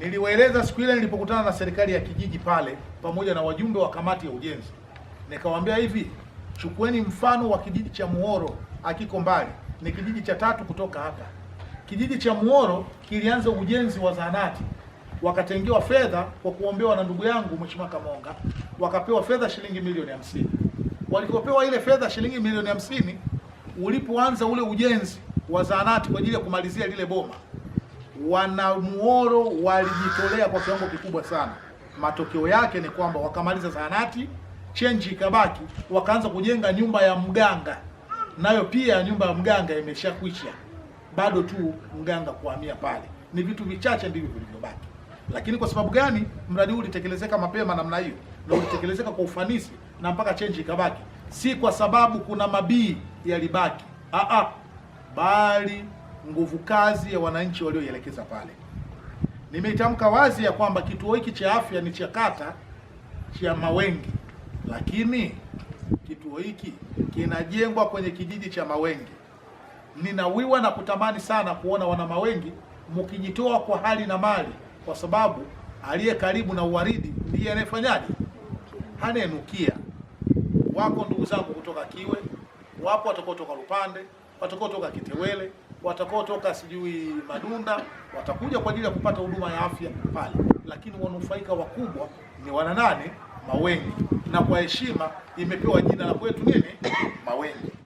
Niliwaeleza siku ile nilipokutana na serikali ya kijiji pale pamoja na wajumbe wa kamati ya ujenzi, nikawaambia hivi, chukueni mfano wa kijiji cha muoro akiko mbali, ni kijiji cha tatu kutoka hapa. Kijiji cha muoro kilianza ujenzi wa zahanati, wakatengewa fedha kwa kuombewa na ndugu yangu Mheshimiwa Kamonga, wakapewa fedha shilingi milioni hamsini. Walipopewa ile fedha shilingi milioni hamsini, ulipoanza ule ujenzi wa zahanati kwa ajili ya kumalizia lile boma wanamuoro walijitolea kwa kiwango kikubwa sana. Matokeo yake ni kwamba wakamaliza zahanati, chenji ikabaki, wakaanza kujenga nyumba ya mganga, nayo pia nyumba ya mganga imeshakwisha, bado tu mganga kuhamia pale. Ni vitu vichache ndivyo vilivyobaki. Lakini kwa sababu gani mradi huu ulitekelezeka mapema namna hiyo na ulitekelezeka kwa ufanisi na mpaka chenji ikabaki? Si kwa sababu kuna mabii yalibaki, a a, bali nguvu kazi ya wananchi walioielekeza pale. Nimeitamka wazi ya kwamba kituo hiki cha afya ni cha kata cha Mawengi, lakini kituo hiki kinajengwa kwenye kijiji cha Mawengi. Ninawiwa na kutamani sana kuona wana Mawengi mkijitoa kwa hali na mali, kwa sababu aliye karibu na uwaridi ndiye anayefanyaje, hanenukia. Wako ndugu zangu kutoka Kiwe, wapo watakaotoka Lupande, watakaotoka Kitewele watakaotoka sijui Madunda watakuja kwa ajili ya kupata huduma ya afya pale, lakini wanufaika wakubwa ni wananane Mawengi, na kwa heshima imepewa jina la kwetu nini Mawengi.